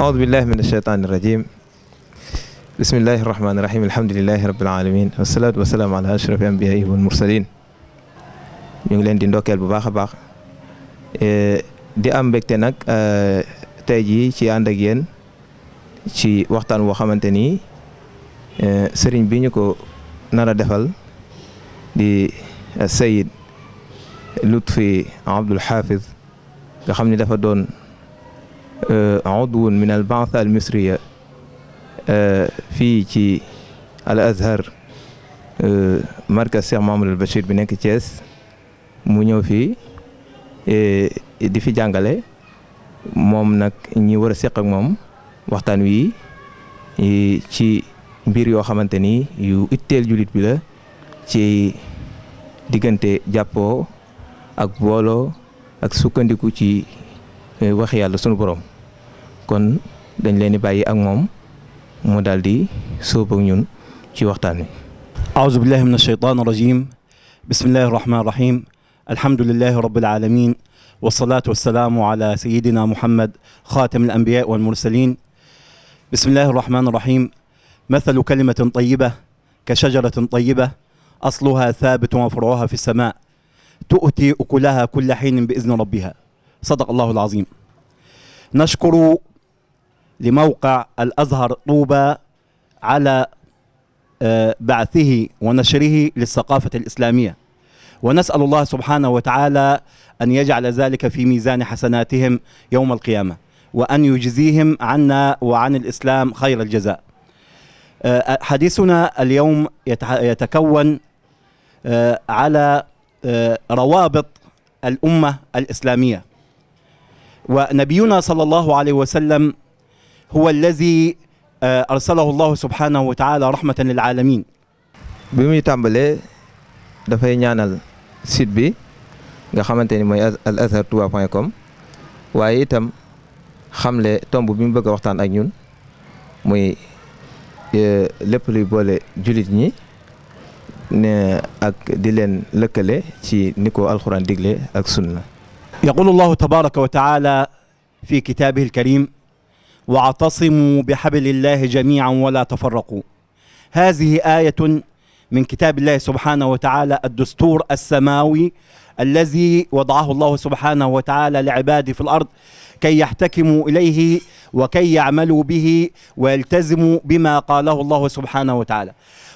أعوذ بالله من الشيطان الرجيم بسم الله الرحمن الرحيم الحمد لله رب العالمين والصلاة والسلام على أشرف الأنبياء والمرسلين ñu ngi leen di ndokkeel bu baax a baax e, di am mbégte nag e, tey jii ci ànd ak yéen ci waxtaan woo xamante ni e, sëriñ bi ñu ko nar a defal di Sayid Lutfi Abdul Hafiz nga ni dafa doon. udwun min al baatha al misriya fii ci al azhar markaz Cheikh Mamadou al Bachir bi nekk Thiès mu ñëw fii di fi jàngale moom nag ñi war a seq ak moom waxtaan wi ci mbir yoo xamante ni yu itteel jullit bi ci diggante jàppoo ak booloo ak sukkandiku ci eh, wax yàlla sunu borom kon dañ leen di bàyyi ak moom mu daal di sóob ak ñun ci waxtaan wi aouzu billahi min alsheytaan arrajim bismillahi arrahman arrahim alhamdulilahi rabbil alamin wasalaatu wasalaamu ala sayidina muhammad xaatim al anbiya wal mursalin bismillahi arrahman arrahim mathalu kalimatin tayiba ka shajaratin tayiba asluha thabitun wa furuuha fi sama تؤتي أكلها كل حين بإذن ربها صدق الله العظيم نشكر لموقع الأزهر طوبى على بعثه ونشره للثقافة الإسلامية ونسأل الله سبحانه وتعالى أن يجعل ذلك في ميزان حسناتهم يوم القيامة وأن يجزيهم عنا وعن الإسلام خير الجزاء حديثنا اليوم يتكون على روابط الأمة الإسلامية ونبينا صلى الله عليه وسلم هو الذي أرسله الله سبحانه وتعالى رحمة للعالمين bi muy tàmbalee dafay ñaanal site bi nga xamante ni mooy al azhar point com waaye itam xamle tomb bi mu bëgg a waxtaan ak ñun muy euh, lépp luy boole jullit ñi ne ak di leen lëkkale ci ni ko alxuraan digle ak sunna yaqulu allahu tabaraka wa fi kitaabihi alkarim واعتصموا بحبل الله جميعا ولا تفرقوا هذه آية من كتاب الله سبحانه وتعالى الدستور السماوي الذي وضعه الله سبحانه وتعالى لعباده في الأرض كي يحتكموا إليه وكي يعملوا به ويلتزموا بما قاله الله سبحانه وتعالى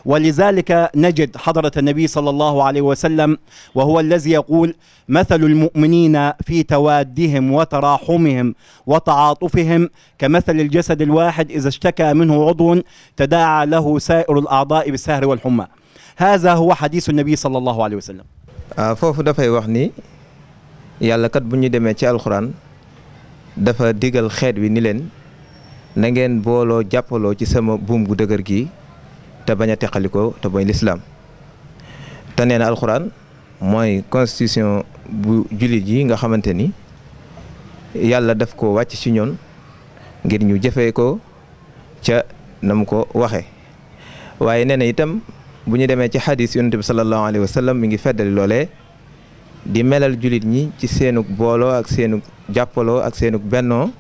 ولذلك نجد حضرة النبي صلى الله عليه وسلم وهو الذي يقول مثل المؤمنين في توادهم وتراحمهم وتعاطفهم كمثل الجسد الواحد إذا اشتكى منه عضو تداعى له سائر الأعضاء بالسهر والحمى هذا هو حديث النبي صلى الله عليه وسلم foofu dafay wax ni yàlla kat bu ñu demee ci alxuraan dafa digal xeet wi ni leen na ngeen booloo jàppaloo ci sama buum gu dëgër gi te bañ a teqalikoo te mooy lislaam te neena alxuraan mooy constitution bu jullit yi nga xamante ni yàlla def ko wàcc ci ñoon ngir ñu jëfee ko ca na ko waxe waaye nee na itam bu ñu demee ci xadis yonent bi sallallahu alayhi wa sallam mi ngi feddali loole di melal jullit ñi ci seenug booloo ak seenug jàppaloo ak seenug bennoo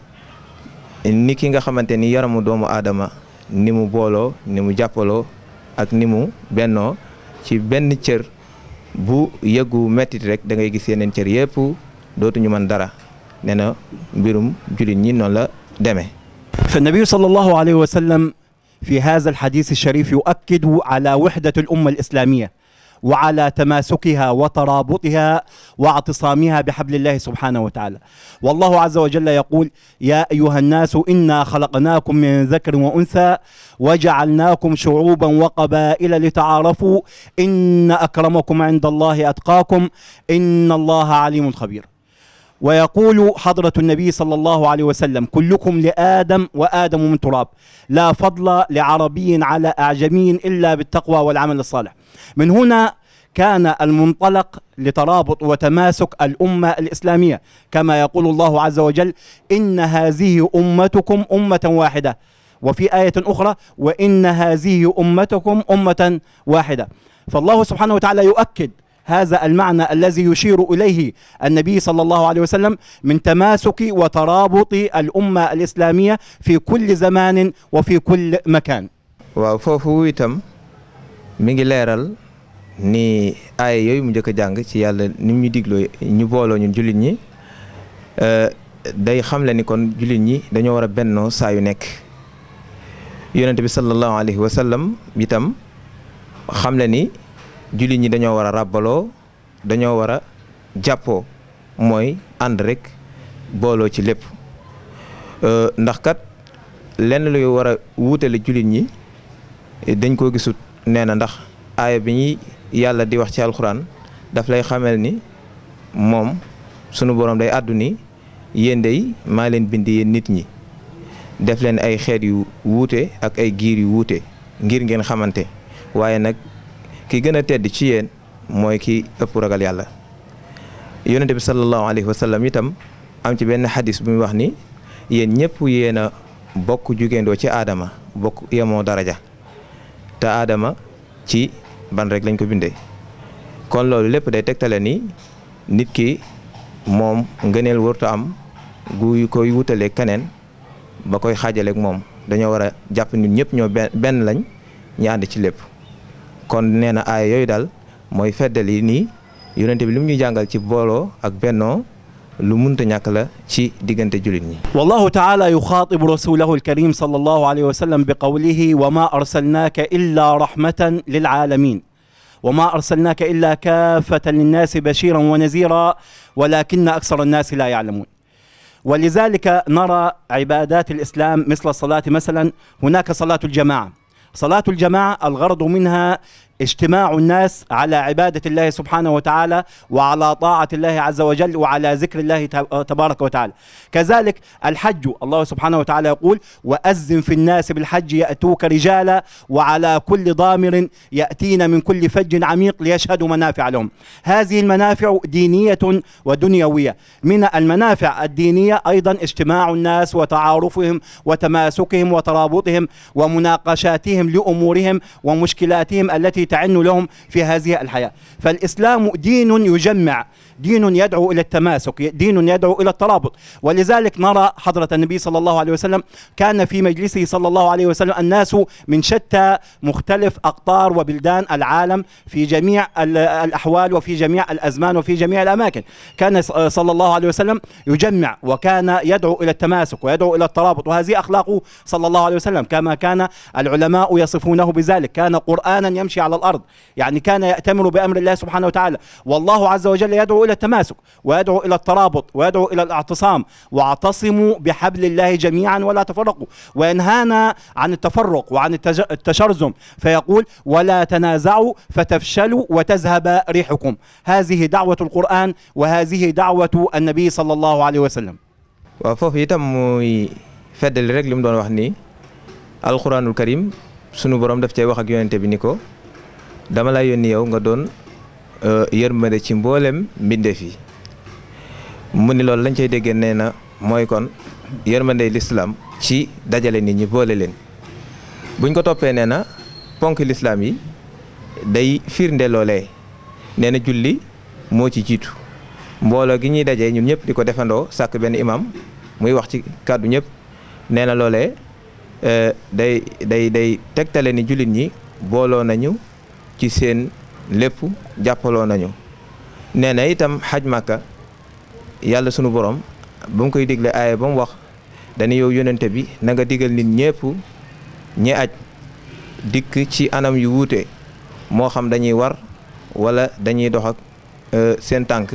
ni ki nga xamante ni yaramu doomu aadama ni mu booloo ni mu jàppaloo ak ni mu bennoo ci benn cër bu yëggu mettit rek da ngay gis yeneen cër yëpp dootuñu mën dara nee na mbirum jullit ñi noonu la demee fa nabiyu sallallahu alayhi wa sallam fi haaza al-hadiis al-shariif yu'akkidu ala wahdati al-umma al-islaamiyya وعلى تماسكها وترابطها واعتصامها بحبل الله سبحانه وتعالى والله عز وجل يقول يا أيها الناس إنا خلقناكم من ذكر وأنثى وجعلناكم شعوبا وقبائل لتعارفوا إن أكرمكم عند الله أتقاكم إن الله عليم خبير ويقول حضرة النبي صلى الله عليه وسلم كلكم لآدم وآدم من تراب لا فضل لعربي على أعجمي إلا بالتقوى والعمل الصالح من هنا كان المنطلق لترابط وتماسك الأمة الإسلامية كما يقول الله عز وجل إن هذه أمتكم أمة واحدة وفي آية أخرى وإن هذه أمتكم أمة واحدة فالله سبحانه وتعالى يؤكد هذا المعنى الذي يشير إليه النبي صلى الله عليه وسلم من تماسك وترابط الأمة الإسلامية في كل زمان وفي كل مكان waaw foofu itam mi ngi leeral ni ay yooyu mu njëkk a jàng ci yàlla ni mu ñu digloo ñu booloo ñun jullit ñi eh, day xamle ni kon jullit ñi dañoo war a bennoo saa yu nekk yonent bi sallallahu alayhi wa sallam itam xamle ni jullit ñi dañoo war a ràbbaloo dañoo war a jàppoo mooy ànd rek booloo ci lépp euh, ndax kat lenn luy war a wuutale jullit ñi dañ ko gisut nee na ndax aaya bi ñuy yàlla di wax ci alxuraan daf lay xamel ni moom sunu borom day àddu ni yéen day maa leen bind yéen nit ñi def leen ay xeet yu wuute ak ay giir yu wuute ngir ngeen xamante waaye nag ki gën a tedd ci yéen mooy ki ëpp ragal yàlla yonent bi sallallahu alayhi wa sallam itam am ci benn xadis bu muy wax ni yéen ñëpp yéen a bokk jugeendoo ci aadama bokk yemoo daraja te aadama ci ban rek lañ ko bindee kon loolu lépp day tegtale ni nit ki moom ngëneel wartu am gu koy wutalee keneen ba koy xaajaleeg moom dañoo war a jàpp nit ñëpp ñoo benn lañ ñaandi ci lépp kon nee na aaya yooyu daal mooy feddali nii yonente bi li mu ñu jàngal ci booloo ak bennoo lu munta ñàkk la ci diggante jullit ñi wallahu taala yuxaatibu rasulahu alkarim sallallahu alayhi wa sallam bi qawlihi wa ma arsalnaaka illa rahmatan lil aalamin wa ma arsalnaaka illa kaafatan linnaasi bashiran wa nazira walakina aksara annaasi la yaalamuun ولذلك نرى عبادات الإسلام مثل الصلاة مثلا هناك صلاة الجماعة صلاة الجماعة الغرض منها اجتماع الناس على عبادة الله سبحانه وتعالى وعلى طاعة الله عز وجل وعلى ذكر الله تبارك وتعالى كذلك الحج الله سبحانه وتعالى يقول وأذن في الناس بالحج يأتوك رجالا وعلى كل ضامر يأتين من كل فج عميق ليشهدوا منافع لهم هذه المنافع دينية ودنيوية من المنافع الدينية أيضا اجتماع الناس وتعارفهم وتماسكهم وترابطهم ومناقشاتهم لأمورهم ومشكلاتهم التي تعنوا لهم في هذه الحياة فالإسلام دين يجمع دين يدعو إلى التماسك دين يدعو إلى الترابط ولذلك نرى حضرة النبي صلى الله عليه وسلم كان في مجلسه صلى الله عليه وسلم الناس من شتى مختلف أقطار وبلدان العالم في جميع الأحوال وفي جميع الأزمان وفي جميع الأماكن كان صلى الله عليه وسلم يجمع وكان يدعو إلى التماسك ويدعو إلى الترابط وهذه أخلاقه صلى الله عليه وسلم كما كان العلماء يصفونه بذلك كان قرآنا يمشي على الأرض يعني كان يأتمر بأمر الله سبحانه وتعالى والله عز وجل يدعو يدعو إلى التماسك ويدعو إلى الترابط ويدعو إلى الاعتصام واعتصموا بحبل الله جميعا ولا تفرقوا وينهانا عن التفرق وعن التشرزم فيقول ولا تنازعوا فتفشلوا وتذهب ريحكم هذه دعوة القرآن وهذه دعوة النبي صلى الله عليه وسلم waaw foofu itam muy feddali rek li mu doon wax ni alxuraanul karim sunu borom daf cay wax ak yonente bi ni ko dama lay yónni yow nga doon Euh, yërmande ci mboolem mbindeef yi mu ni loolu lañ cay déggee nee na mooy kon yërmande lislaam ci dajale nit ñi boole leen buñ ko toppee nee na ponk lislaam yi day firnde loolee nee na julli moo ci jiitu mbooloo gi ñuy daje ñun ñëpp di ko defandoo sàkk benn imam muy wax ci kàddu ñëpp nee na loolee euh, day day day tegtale ni jullit ñi booloo nañu ci seen lépp jàppaloo nañu nee na itam xaj màkka yàlla sunu borom ba mu koy digle aaya ba mu wax dana yow yonente bi nanga nga digal nit ñépp ñi aj dikk ci anam yu wuute moo xam dañuy war wala dañuy dox ak euh, seen tànk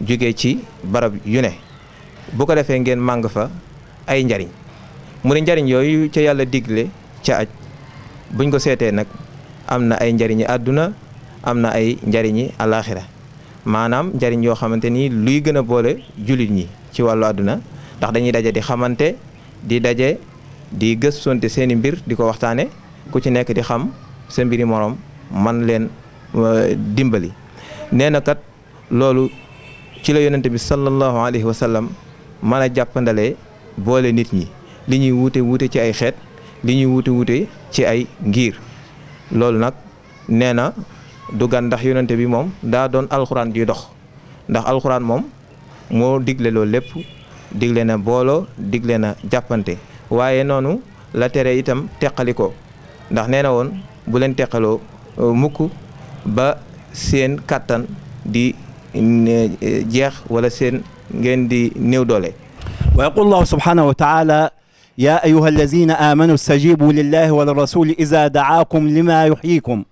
jóge ci barab yu ne bu ko defee ngeen màng fa ay njariñ mu ne njariñ yooyu ca yàlla digle ca aj buñ ko seetee nag am na ay njariñi àdduna am na ay njariñi àllaaxira maanaam njariñ yoo xamante ni luy gën a boole jullit ñi ci wàllu àdduna ndax dañuy daje di xamante di daje di gëstonte seen i mbir di ko waxtaane ku ci nekk di xam sa mbiri moroom man leen dimbali nee na kat loolu ci la yonente bi sallallahu alayhi wa sallam mën a jàppandalee boole nit ñi li ñuy wuute wuute ci ay xeet li ñuy wuute wuute ci ay ngiir loolu nag nee du gan ndax yonente bi moom daa doon alxuraan di dox ndax alxuraan moom moo digle loolu lépp digle na booloo digle na jàppante waaye noonu la tere itam teqalikoo ndax nee na woon bu leen teqaloo euh, mukk ba seen kattan di jeex wala seen ngeen di néew doole wa yaqulu llahu ya ayuha allazina amanu stajibu lillahi wa lirrasuli ida daakum lima yuxyikum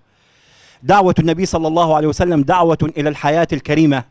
دعوة النبي صلى الله عليه وسلم دعوة إلى الحياة الكريمة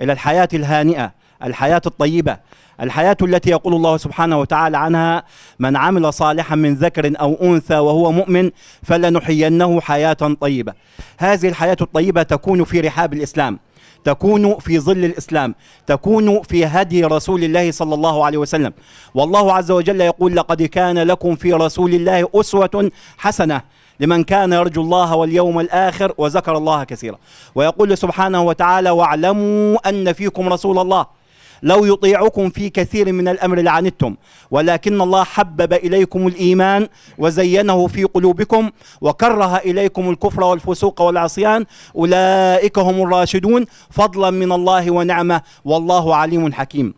إلى الحياة الهانئة الحياة الطيبة الحياة التي يقول الله سبحانه وتعالى عنها من عمل صالحا من ذكر أو أنثى وهو مؤمن فلنحيينه حياة طيبة هذه الحياة الطيبة تكون في رحاب الإسلام تكون في ظل الإسلام تكون في هدي رسول الله صلى الله عليه وسلم والله عز وجل يقول لقد كان لكم في رسول الله أسوة حسنة لمن كان يرجو الله واليوم الآخر وذكر الله كثيرا ويقول سبحانه وتعالى واعلموا أن فيكم رسول الله لو يطيعكم في كثير من الأمر لعنتم ولكن الله حبب إليكم الإيمان وزينه في قلوبكم وكره إليكم الكفر والفسوق والعصيان أولئك هم الراشدون فضلا من الله ونعمه والله عليم حكيم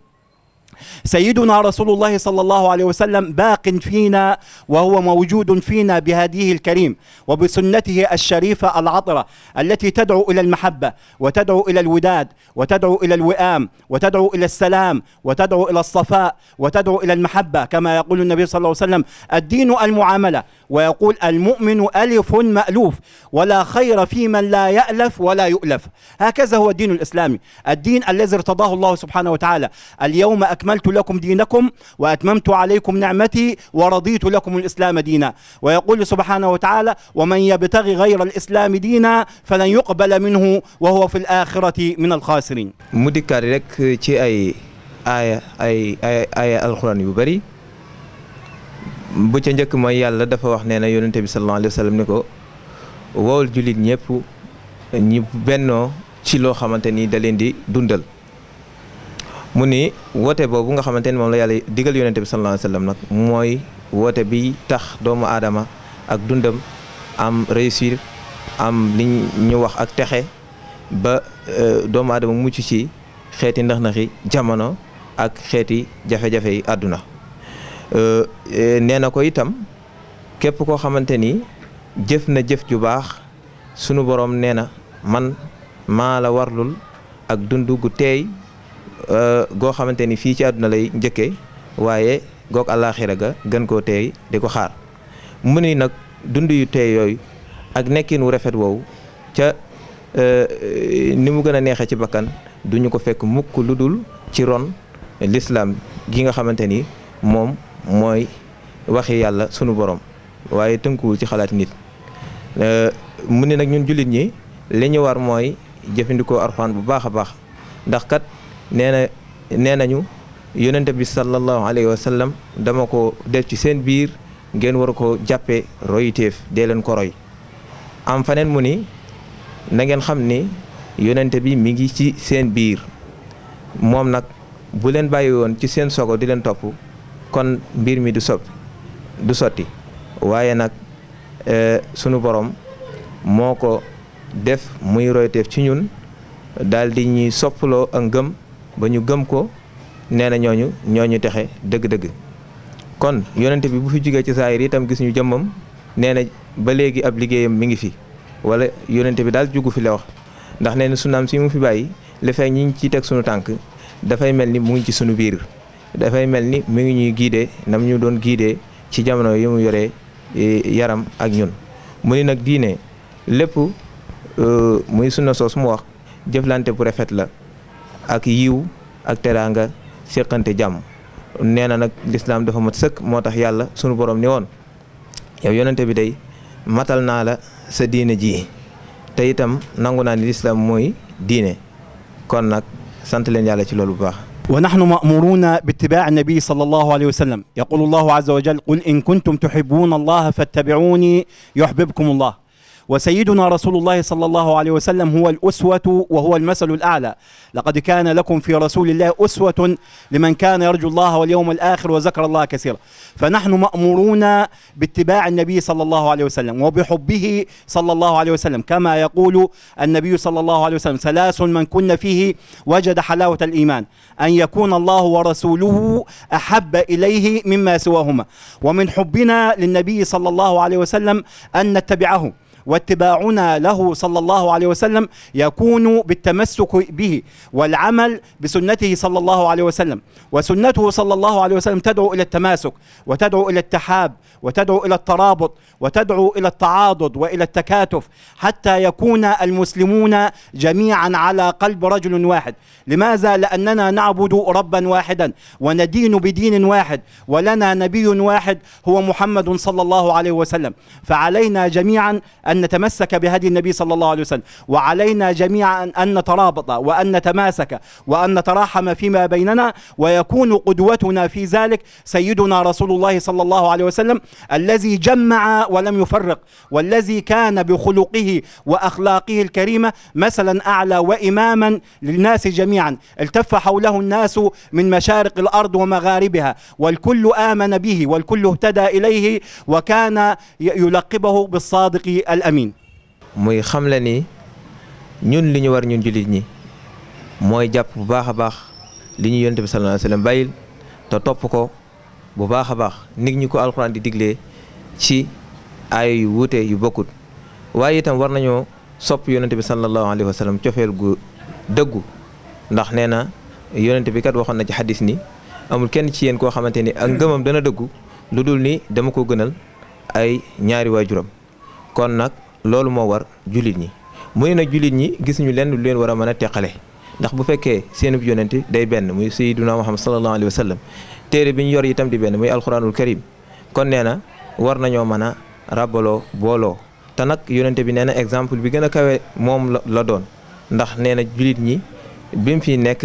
سيدنا رسول الله صلى الله عليه وسلم باق فينا وهو موجود فينا بهديه الكريم وبسنته الشريفة العطرة التي تدعو إلى المحبة وتدعو إلى الوداد وتدعو إلى الوئام وتدعو إلى السلام وتدعو إلى الصفاء وتدعو إلى المحبة كما يقول النبي صلى الله عليه وسلم الدين المعاملة ويقول المؤمن ألف مألوف ولا خير في من لا يألف ولا يؤلف هكذا هو الدين الإسلامي الدين الذي ارتضاه الله سبحانه وتعالى اليوم أكملت لكم دينكم وأتممت عليكم نعمتي ورضيت لكم الإسلام دينا ويقول سبحانه وتعالى ومن يبتغي غير الإسلام دينا فلن يقبل منه وهو في الآخرة من الخاسرين mu dikkaat rek ci ay aaya ay ay aaya alxuraan yu bari bu ca njëkk mooy yàlla dafa wax nee na yonente bi sallallahu alayhi wa ni ko wowal jullit ñëpp ñi bennoo ci loo xamante ni da leen di dundal mu ni woote boobu nga xamante ni moom la yàlla digal yonente bi sallallahu alayhi nag mooy woote bi tax doomu aadama ak dundam am réussir am li ñu wax ak texe ba euh, doomu aadama mucc ci xeeti ndax naxi jamono ak xeeti jafe-jafe yi àdduna Euh, nee na ko itam képp koo xamante ni jëf na jëf ju baax sunu borom nee na man maa la warlul ak dund gu teey euh, goo xamante ni fii ci àdduna lay njëkke waaye goog àllaaxira ga gën koo teey di ko xaar mu ni nag dund yu teey yooyu ak nekkin wu rafet woowu ca euh, ni mu gën a neexee ci bakkan duñu ko fekk mukk lu dul ci ron lislaam gi nga xamante ni moom mooy waxi yàlla sunu borom waaye tënkuwul ci xalaat nit euh, mu ne nag ñun jullit ñi li ñu war mooy jëfandikoo arxaan bu baax a baax ndax kat nee na nee nañu yonente bi sallallahu alayhi wa sallam dama ko def ci seen biir ngeen war ko jàppe royiteef dee leen ko roy am faneen mu ni na ngeen xam ni yonente bi mi ngi ci seen biir moom nag bu leen bàyyi woon ci seen sogo di leen topp kon mbir mi du sob du sotti waaye nag e, sunu boroom moo ko def muy royteef ci ñun daal di ñuy soppaloo ak ngëm ba ñu gëm ko nee na ñooñu ñooñu texe dëgg-dëgg kon yonent bi bu fi jógee ci saayir itam gis ñu jëmmam nee na ba léegi ab liggéeyam mi ngi fi walla yonente bi daal jugu fi la wax ndax nee na sunaam si mu fi bàyyi li ñi ngi ciy teg sunu tànk dafay mel ni mu ngi ci sunu biir dafay mel ni mu ngi ñuy guidé nam ñu doon giide ci jamono yi mu yoree yaram ak ñun mu ni nag diine lépp e, muy sunna soos mu wax jëflante bu rafet la ak yiw ak teraanga séqante jàmm nee na nag lislaam dafa mat sëkk moo tax yàlla sunu borom ni woon yow yoonante bi day matal naa la sa diine ji te itam nangu naa ni lislaam mooy diine kon nag sant leen yàlla ci loolu bu baax ونحن مأمورون باتباع النبي صلى الله عليه وسلم يقول الله عز وجل قل إن كنتم تحبون الله فاتبعوني يحببكم الله وسيدنا رسول الله صلى الله عليه وسلم هو الأسوة وهو المثل الأعلى لقد كان لكم في رسول الله أسوة لمن كان يرجو الله واليوم الآخر وذكر الله كثيرا فنحن مأمورون باتباع النبي صلى الله عليه وسلم وبحبه صلى الله عليه وسلم كما يقول النبي صلى الله عليه وسلم ثلاث من كن فيه وجد حلاوة الإيمان أن يكون الله ورسوله أحب إليه مما سواهما ومن حبنا للنبي صلى الله عليه وسلم أن نتبعه واتباعنا له صلى الله عليه وسلم يكون بالتمسك به والعمل بسنته صلى الله عليه وسلم وسنته صلى الله عليه وسلم تدعو إلى التماسك وتدعو إلى التحاب وتدعو إلى الترابط وتدعو إلى التعاضد وإلى التكاتف حتى يكون المسلمون جميعا على قلب رجل واحد لماذا؟ لأننا نعبد ربا واحدا وندين بدين واحد ولنا نبي واحد هو محمد صلى الله عليه وسلم فعلينا جميعا أن أن نتمسك بهدي النبي صلى الله عليه وسلم وعلينا جميعا أن نترابط وأن نتماسك وأن نتراحم فيما بيننا ويكون قدوتنا في ذلك سيدنا رسول الله صلى الله عليه وسلم الذي جمع ولم يفرق والذي كان بخلقه وأخلاقه الكريمة مثلا أعلى وإماما للناس جميعا التف حوله الناس من مشارق الأرض ومغاربها والكل آمن به والكل اهتدى إليه وكان يلقبه بالصادق al muy xam le ni ñun li ñu war ñun jullit ñi mooy jàpp bu baax a baax li ñuy yonent bi sallallahu alayhi bàyyil te topp ko bu baax a baax nit ñi ko alxuraan di diglee ci ay yu wuute yu bokkut waaye itam war nañoo sopp yonent bi sallallahu alayhi wa sallam cofeel gu dëggu ndax nee na yonent bi kat waxoon na ci xadis ni amul kenn ci yéen koo xamante ni ak ngëmam dana dëggu lu dul ni dama ko gënal ay ñaari waajuram kon nag loolu moo war jullit ñi muy na nag jullit ñi gis ñu lenn lu leen war a mën a teqale ndax bu fekkee seenub yonente day benn muy sayyiduna Muhammad sallallahu alayhi wa sallam téere bi ñu yor itam di benn muy alquranul karim kon nee na war nañoo mën a rabaloo booloo te nag yonente bi nee na exemple bi gën a kawe moom la doon ndax nee na jullit ñi bi mu fi nekk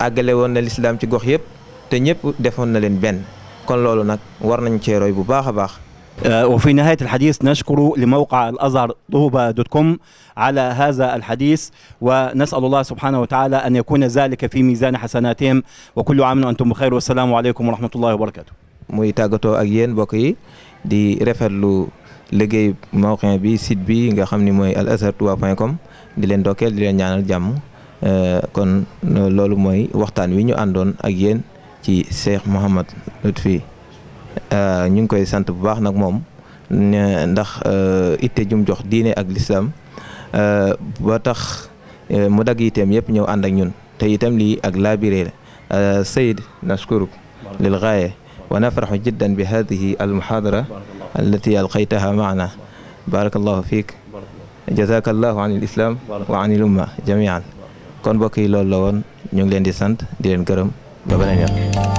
àggale woon na lislaam ci gox yëpp te ñëpp defoon na leen benn kon loolu nag war nañ cee roy bu a baax وفي نهاية الحديث نشكر لموقع الأزهر طوبة دوت كوم على هذا الحديث ونسأل الله سبحانه وتعالى أن يكون ذلك في ميزان حسناتهم وكل عام وأنتم بخير والسلام عليكم ورحمة الله وبركاته muy tàggatoo ak yéen mbokk yi di rafetlu liggéey mawqin bi site bi nga xam ni mooy al azhar touba point com di leen dokkeel di leen ñaanal jàmm euh, kon loolu mooy waxtaan wi ñu àndoon ak yéen ci Cheikh Mouhamad Lutfi Euh, ñu ngi koy sant bu baax nag moom ndax euh, itte jum jox diine ak lislaam euh, ba tax mu dagg iteem yëpp ñëw ànd ak ñun te itam lii ak laabiré la sayid naskuruk lil gaaye wa nafraxu jiddan bi hadihi al muxaadara allati alqaytaha maana barakallahu fiik jazakallahu an il wa an il umma kon mbokk yi loolu la woon ñu leen di sant di leen gërëm ba beneen